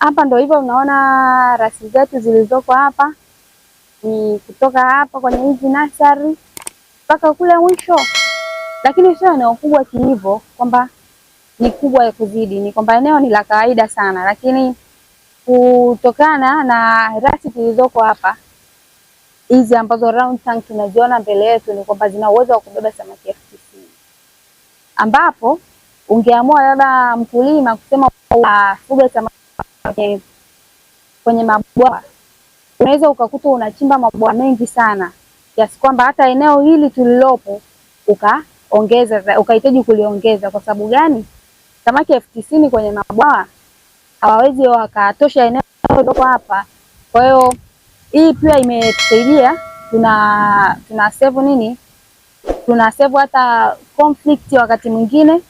Hapa ndo hivyo, unaona rasi zetu zilizoko hapa ni kutoka hapa kwenye hizi nasari mpaka kule mwisho, lakini sio eneo kubwa kilivyo kwamba ni kubwa ya kuzidi, ni kwamba eneo ni la kawaida sana, lakini kutokana na rasi zilizoko hapa hizi ambazo round tank tunaziona mbele yetu, ni kwamba zina uwezo wa kubeba samaki elfu tisini ambapo ungeamua labda mkulima kusema ufuge samaki kwenye, kwenye mabwawa unaweza ukakuta unachimba mabwawa mengi sana kiasi kwamba hata eneo hili tulilopo ukaongeza ukahitaji kuliongeza. Kwa sababu gani? Samaki elfu tisini kwenye mabwawa hawawezi wakatosha eneo lililopo hapa. Kwa hiyo hii pia imetusaidia tuna tuna save nini, tuna save hata conflict wakati mwingine